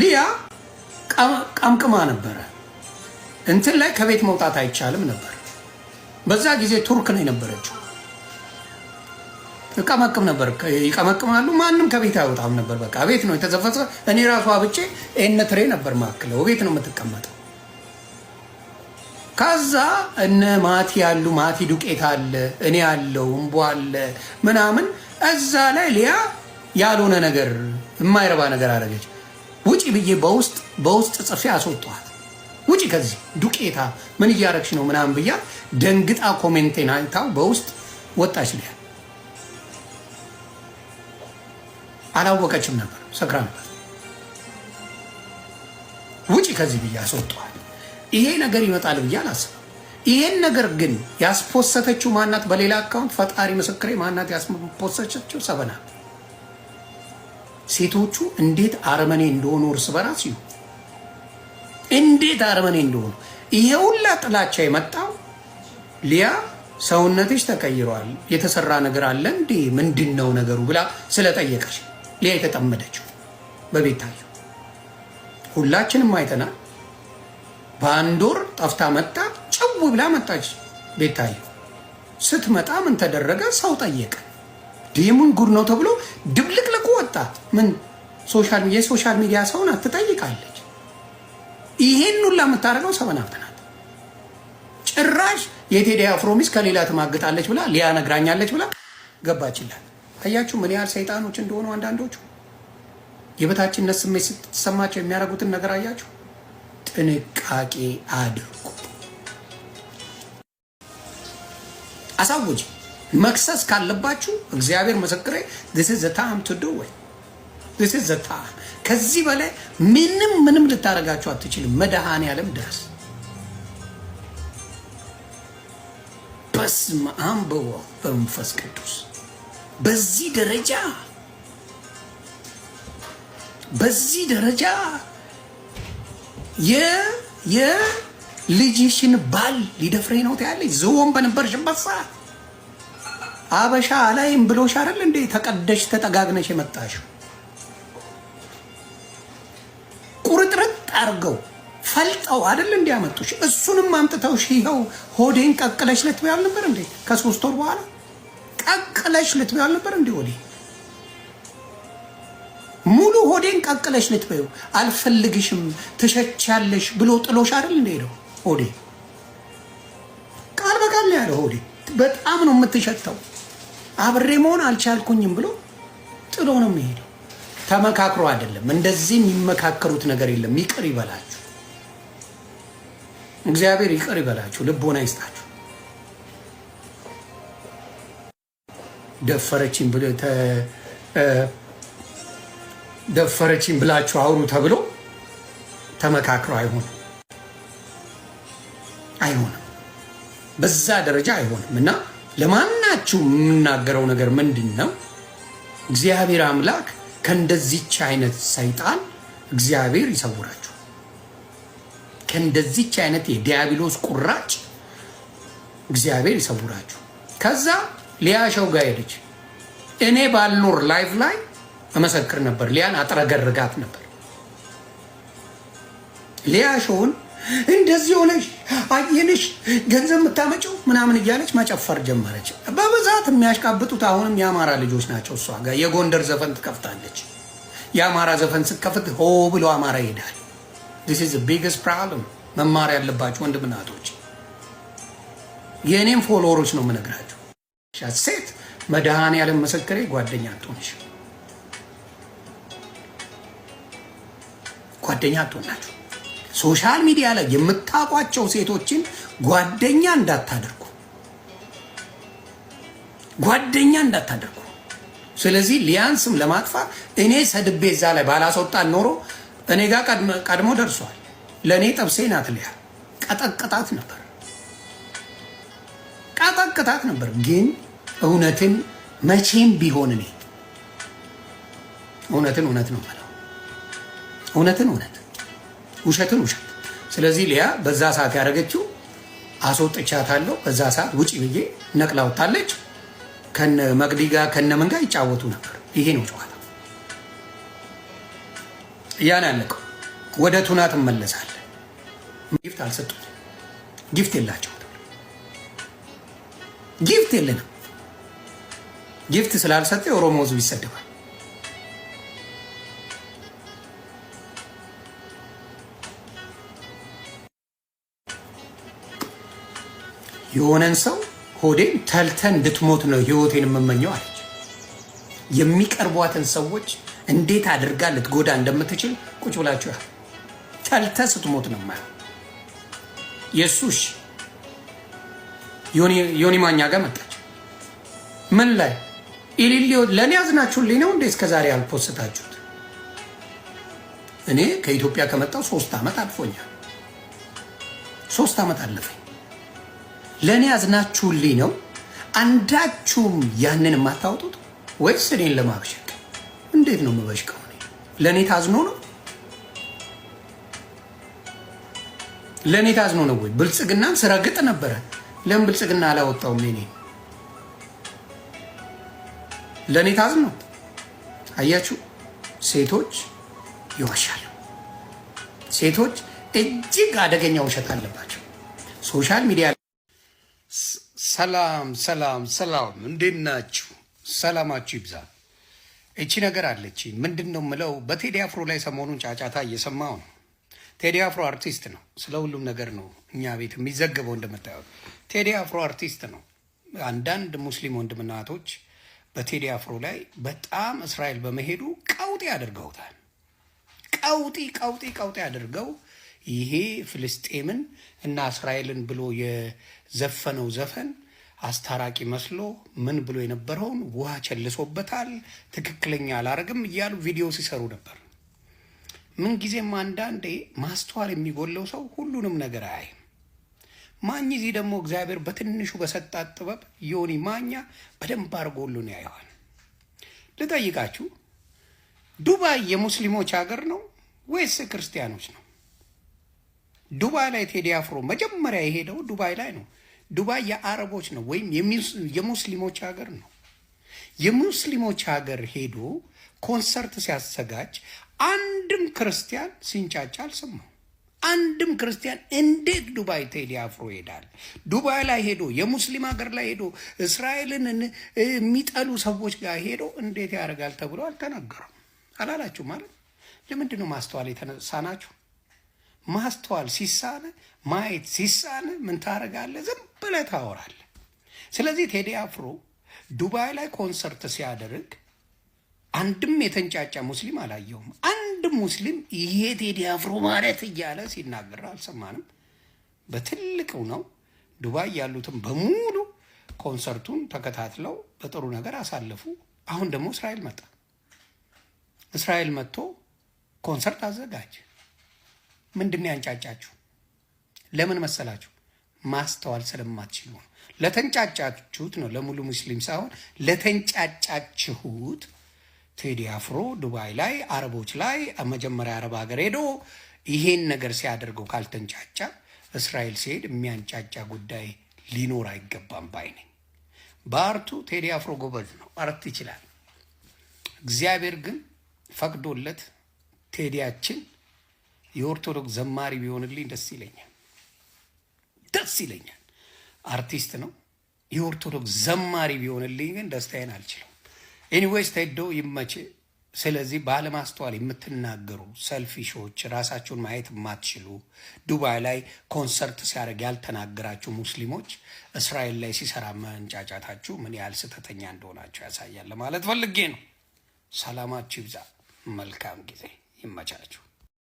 ሊያ ቀምቅማ ነበረ። እንትን ላይ ከቤት መውጣት አይቻልም ነበር። በዛ ጊዜ ቱርክ ነው የነበረችው። ቀመቅም ነበር፣ ይቀመቅማሉ። ማንም ከቤት አይወጣም ነበር። በቃ ቤት ነው የተዘፈጸ። እኔ ራሱ አብጬ ኤነትሬ ነበር ማክለው። ቤት ነው የምትቀመጠው። ከዛ እነ ማቲ ያሉ ማቲ ዱቄት አለ፣ እኔ ያለው እምቦ አለ ምናምን። እዛ ላይ ሊያ ያልሆነ ነገር፣ የማይረባ ነገር አደረገች። ውጪ ብዬ በውስጥ በውስጥ ጽፌ አስወጥቷል። ውጪ ከዚህ ዱቄታ ምን እያረግሽ ነው ምናምን ብያ ደንግጣ ኮሜንቴን አይታው በውስጥ ወጣች። ሊያ አላወቀችም ነበር፣ ሰክራ ነበር። ውጪ ከዚህ ብዬ አስወጥቷል። ይሄ ነገር ይመጣል ብዬ አላስብም። ይሄን ነገር ግን ያስፖሰተችው ማናት? በሌላ አካውንት ፈጣሪ ምስክሬ ማናት ያስፖሰተችው? ሰበናት ሴቶቹ እንዴት አረመኔ እንደሆኑ እርስ በራስ ይሁ እንዴት አረመኔ እንደሆኑ ይሄ ሁላ ጥላቻ የመጣው ሊያ ሰውነትሽ ተቀይሯል፣ የተሰራ ነገር አለ እንዴ ምንድን ነው ነገሩ ብላ ስለጠየቀች ሊያ የተጠመደችው ታየው። ሁላችንም አይተናል። በአንድ ወር ጠፍታ መጣ፣ ጭው ብላ መጣች ታየው። ስትመጣ ምን ተደረገ? ሰው ጠየቀ። ዲሙን ጉድ ነው ተብሎ ድብልቅልቁ ወጣ። ምን ሶሻል የሶሻል ሚዲያ ሰውን አትጠይቃለች። ይሄን ሁላ የምታደርገው ሰበናብት ናት። ጭራሽ የቴዲ አፍሮ ሚስት ከሌላ ትማግጣለች ብላ ሊያ ነግራኛለች ብላ ገባችላት። አያችሁ ምን ያህል ሰይጣኖች እንደሆኑ አንዳንዶቹ የበታችነት ስሜት ስትሰማቸው የሚያደርጉትን ነገር አያችሁ። ጥንቃቄ አድርጉ። አሳውጅ መክሰስ ካለባችሁ እግዚአብሔር ምስክሬ this is the time to do it this is ከዚህ በላይ ምንም ምንም ልታረጋችሁ አትችልም። መድኃኔዓለም ድረስ በስመ አብ በወልድ በመንፈስ ቅዱስ በዚህ ደረጃ በዚህ ደረጃ የልጅሽን ባል ሊደፍሬ ነው ትያለሽ ዝሆን በነበርሽበት ሰዓት አበሻ አላይም ብሎሽ አይደል እንዴ? ተቀደሽ ተጠጋግነሽ የመጣሽው ቁርጥርጥ አርገው ፈልጠው አይደል እንዴ ያመጡሽ? እሱንም አምጥተውሽ ይኸው ሆዴን ቀቅለሽ ልትበይ ነበር እንዴ? ከሶስት ወር በኋላ ቀቅለሽ ልትበይ ነበር እንዴ? ወዴ ሙሉ ሆዴን ቀቅለሽ ልትበዩ አልፈልግሽም ትሸቻለሽ ብሎ ጥሎሽ አይደል እንዴ? ነው ሆዴ ቃል በቃል ነው ያለው ሆዴ በጣም ነው የምትሸተው። አብሬ መሆን አልቻልኩኝም ብሎ ጥሎ ነው የሚሄደው። ተመካክሮ አይደለም። እንደዚህ የሚመካከሩት ነገር የለም። ይቅር ይበላችሁ፣ እግዚአብሔር ይቅር ይበላችሁ፣ ልቦና ይስጣችሁ። ደፈረችን ብሎ ደፈረችኝ ብላችሁ አውሩ ተብሎ ተመካክረው አይሆንም፣ አይሆንም፣ በዛ ደረጃ አይሆንም እና ለማን ሁላችሁ የምናገረው ነገር ምንድን ነው? እግዚአብሔር አምላክ ከእንደዚች አይነት ሰይጣን እግዚአብሔር ይሰውራችሁ። ከእንደዚች አይነት የዲያብሎስ ቁራጭ እግዚአብሔር ይሰውራችሁ። ከዛ ሊያሸው ጋር ሄደች። እኔ ባልኖር ላይፍ ላይ እመሰክር ነበር። ሊያን አጥረገርጋት ነበር። ሊያሸውን እንደዚህ ሆነሽ አየንሽ ገንዘብ የምታመጪው ምናምን እያለች መጨፈር ጀመረች። በብዛት የሚያሽቃብጡት አሁንም የአማራ ልጆች ናቸው። እሷ ጋር የጎንደር ዘፈን ትከፍታለች። የአማራ ዘፈን ስትከፍት ሆ ብሎ አማራ ይሄዳል። ዲስ ኢዝ ቢግስት ፕሮብለም። መማር ያለባቸው ወንድምናቶች፣ የእኔም ፎሎወሮች ነው የምነግራቸው። ሴት መድሃን ያለ መሰከሬ ጓደኛ አትሆንሽ፣ ጓደኛ አትሆናችሁ ሶሻል ሚዲያ ላይ የምታውቋቸው ሴቶችን ጓደኛ እንዳታደርጉ ጓደኛ እንዳታደርጉ። ስለዚህ ሊያንስም ለማጥፋት እኔ ሰድቤ እዛ ላይ ባላስወጣን ኖሮ እኔ ጋር ቀድሞ ደርሷል። ለእኔ ጠብሴ ናት ሊያ ቀጠቅጣት ነበር ቀጠቅጣት ነበር። ግን እውነትን መቼም ቢሆን እኔ እውነትን እውነት ነው እውነትን እውነት ውሸትን ውሸት። ስለዚህ ሊያ በዛ ሰዓት ያደረገችው አስወጥቻታለሁ፣ በዛ ሰዓት ውጭ ብዬ ነቅላ ወጣለች። ከነ መቅዲ ጋር ከነ መንጋ ይጫወቱ ነበር። ይሄ ነው ጨዋታ። ያን ያለቀው ወደ ቱና ትመለሳለህ። ጊፍት አልሰጡኝ። ጊፍት የላቸው ጊፍት የለንም። ጊፍት ስላልሰጠ የኦሮሞ ሕዝብ ይሰደባል። የሆነን ሰው ሆዴን ተልተን እንድትሞት ነው ህይወቴን የምመኘው አለች። የሚቀርቧትን ሰዎች እንዴት አድርጋ ልትጎዳ እንደምትችል ቁጭ ብላችሁ ያ ተልተ ስትሞት ነው ማ የሱሽ ዮኒ ማኛ ጋር መጣች። ምን ላይ ኢሊሊዮ ለእኔ አዝናችሁልኝ ነው እንዴ? እስከዛሬ አልፖስታችሁት? እኔ ከኢትዮጵያ ከመጣው ሶስት ዓመት አልፎኛል። ሶስት ዓመት አለፈኝ። ለእኔ አዝናችሁልኝ ነው አንዳችሁም ያንን የማታወጡት ወይስ እኔን ለማብሸቅ እንዴት ነው የምበሽቀው? ለእኔ ታዝኖ ነው ለእኔ ታዝኖ ነው ወይ? ብልጽግናን ስረግጥ ነበረ። ለምን ብልጽግና አላወጣውም? ኔ ለእኔ ታዝኖ አያችሁ። ሴቶች ይዋሻሉ። ሴቶች እጅግ አደገኛ ውሸት አለባቸው። ሶሻል ሚዲያ ሰላም ሰላም ሰላም፣ እንዴት ናችሁ? ሰላማችሁ ይብዛ። እቺ ነገር አለች። ምንድን ነው የምለው፣ በቴዲ አፍሮ ላይ ሰሞኑን ጫጫታ እየሰማው ነው። ቴዲ አፍሮ አርቲስት ነው። ስለ ሁሉም ነገር ነው እኛ ቤት የሚዘገበው። እንደምታየው ቴዲ አፍሮ አርቲስት ነው። አንዳንድ ሙስሊም ወንድምናቶች በቴዲ አፍሮ ላይ በጣም እስራኤል በመሄዱ ቀውጢ አድርገውታል። ቀውጢ ቀውጢ ቀውጢ አድርገው ይሄ ፍልስጤምን እና እስራኤልን ብሎ የዘፈነው ዘፈን አስታራቂ መስሎ ምን ብሎ የነበረውን ውሃ ቸልሶበታል፣ ትክክለኛ አላረግም እያሉ ቪዲዮ ሲሰሩ ነበር። ምንጊዜም አንዳንዴ ማስተዋል የሚጎለው ሰው ሁሉንም ነገር አያይም። ማኝ እዚህ ደግሞ እግዚአብሔር በትንሹ በሰጣት ጥበብ ዮኒ ማኛ በደንብ ሁሉን ያየዋል። ልጠይቃችሁ፣ ዱባይ የሙስሊሞች ሀገር ነው ወይስ ክርስቲያኖች ነው? ዱባይ ላይ ቴዲ አፍሮ መጀመሪያ የሄደው ዱባይ ላይ ነው። ዱባይ የአረቦች ነው ወይም የሙስሊሞች ሀገር ነው። የሙስሊሞች ሀገር ሄዶ ኮንሰርት ሲያዘጋጅ አንድም ክርስቲያን ሲንጫጫ አልሰማው። አንድም ክርስቲያን እንዴት ዱባይ ቴዲ አፍሮ ይሄዳል? ዱባይ ላይ ሄዶ የሙስሊም ሀገር ላይ ሄዶ እስራኤልን የሚጠሉ ሰዎች ጋር ሄዶ እንዴት ያደርጋል ተብሎ አልተነገረም። አላላችሁ ማለት ለምንድን ነው ማስተዋል የተነሳ ናቸው ማስተዋል ሲሳነ ማየት ሲሳነ ምን ታደርጋለህ? ዝም ብለ ታወራለ። ስለዚህ ቴዲ አፍሮ ዱባይ ላይ ኮንሰርት ሲያደርግ አንድም የተንጫጫ ሙስሊም አላየውም። አንድ ሙስሊም ይሄ ቴዲ አፍሮ ማለት እያለ ሲናገር አልሰማንም። በትልቅው ነው ዱባይ ያሉትም በሙሉ ኮንሰርቱን ተከታትለው በጥሩ ነገር አሳለፉ። አሁን ደግሞ እስራኤል መጣ። እስራኤል መጥቶ ኮንሰርት አዘጋጅ ምንድን ነው ያንጫጫችሁ? ለምን መሰላችሁ? ማስተዋል ስለማትችሉ ነው። ለተንጫጫችሁት ነው፣ ለሙሉ ሙስሊም ሳይሆን ለተንጫጫችሁት። ቴዲ አፍሮ ዱባይ ላይ አረቦች ላይ መጀመሪያ አረብ ሀገር ሄዶ ይሄን ነገር ሲያደርገው ካልተንጫጫ እስራኤል ሲሄድ የሚያንጫጫ ጉዳይ ሊኖር አይገባም ባይ ነኝ። በአርቱ ቴዲ አፍሮ ጎበዝ ነው፣ አርት ይችላል። እግዚአብሔር ግን ፈቅዶለት ቴዲያችን የኦርቶዶክስ ዘማሪ ቢሆንልኝ ደስ ይለኛል፣ ደስ ይለኛል። አርቲስት ነው። የኦርቶዶክስ ዘማሪ ቢሆንልኝ ግን ደስታዬን አልችልም። ኤኒዌይስ ተዶ ይመች። ስለዚህ ባለማስተዋል የምትናገሩ ሰልፊሾች፣ ራሳችሁን ማየት የማትችሉ ዱባይ ላይ ኮንሰርት ሲያደርግ ያልተናገራችሁ ሙስሊሞች እስራኤል ላይ ሲሰራ መንጫጫታችሁ ምን ያህል ስህተተኛ እንደሆናቸው ያሳያል ማለት ፈልጌ ነው። ሰላማችሁ ይብዛ። መልካም ጊዜ ይመቻችሁ።